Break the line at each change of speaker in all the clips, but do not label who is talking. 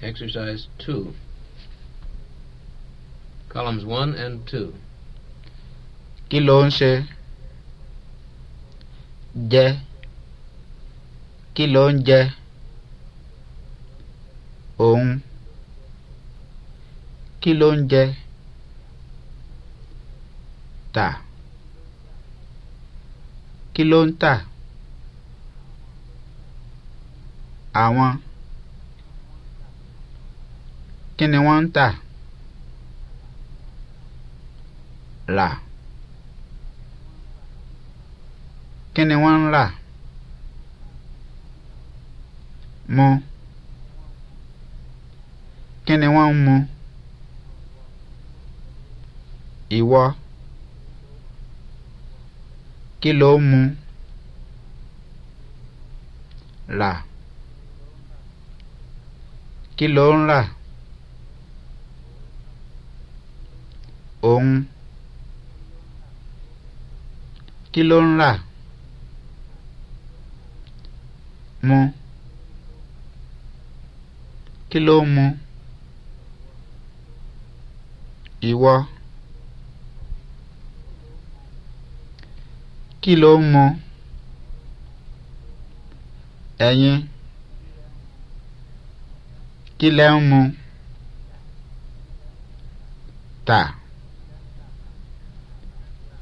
Exercise 2. Columns 1 and 2. Kí ló ń ṣe? Jẹ. Kí ló ń jẹ? Òun. Kí ló ń jẹ? Tà. Kí ló ń tà? Àwọn kí ni wọ́n ń tà rà kí ni wọ́n ń rà mu kí ni wọ́n ń mu ìwọ kí mu rà kí ló ń òun kí ló ń rà mu kí ló ń mu ìwọ kí ló ń mu ẹ̀yin kí lẹ ń mu tà.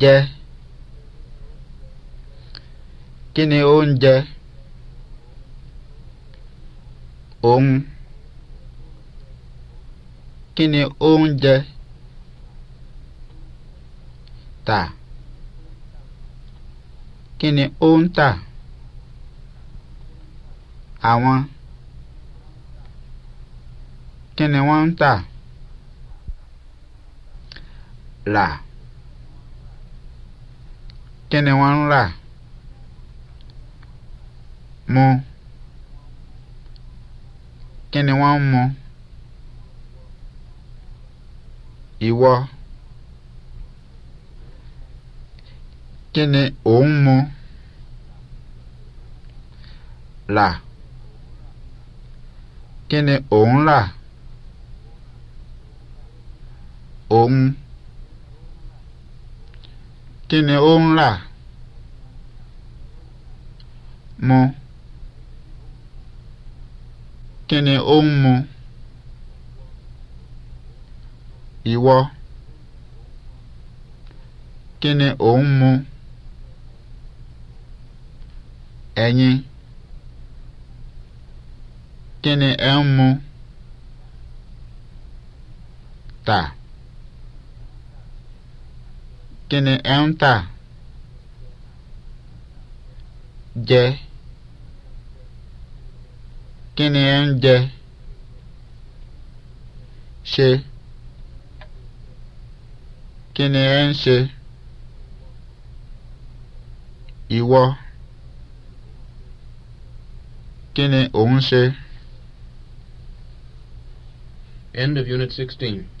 jẹ kí ni ó ń jẹ òun kí ni ó tà kí ni ó tà àwọn kí ni wọ́n ń tà là kí ni wọ́n ń rà mu kí ni wọ́n ń mu ìwọ kí ni mu rà kí ni rà òun kí ni ó ń rà mu kí ni ó ń mu ìwọ kí ni ò ń mu ẹ̀yin kí ni ẹ ń mu tà. Kini ẹ ń tà? Jẹ. Kini ẹ ń jẹ? Ṣe. Kini ẹ ń ṣe? Ìwọ. Kini ò ń ṣe? End of Unit 16.